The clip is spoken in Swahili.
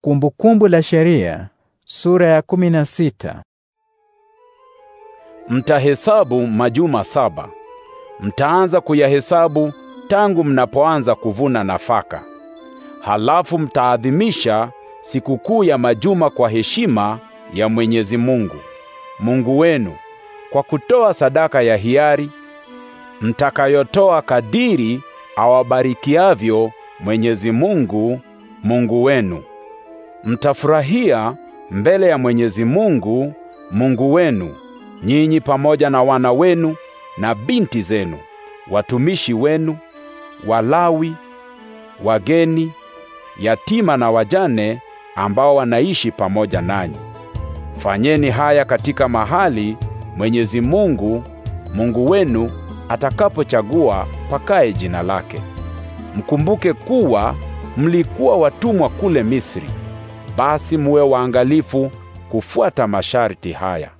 Kumbukumbu la Sheria sura ya kumi na sita. Mtahesabu majuma saba. Mtaanza kuyahesabu tangu mnapoanza kuvuna nafaka. Halafu mtaadhimisha sikukuu ya majuma kwa heshima ya Mwenyezi Mungu Mungu wenu kwa kutoa sadaka ya hiari mtakayotoa kadiri awabarikiavyo Mwenyezi Mungu Mungu wenu mtafurahia mbele ya Mwenyezi Mungu Mungu wenu, nyinyi pamoja na wana wenu na binti zenu, watumishi wenu, Walawi, wageni, yatima na wajane ambao wanaishi pamoja nanyi. Fanyeni haya katika mahali Mwenyezi Mungu Mungu wenu atakapochagua pakae jina lake. Mkumbuke kuwa mlikuwa watumwa kule Misri. Basi muwe waangalifu kufuata masharti haya.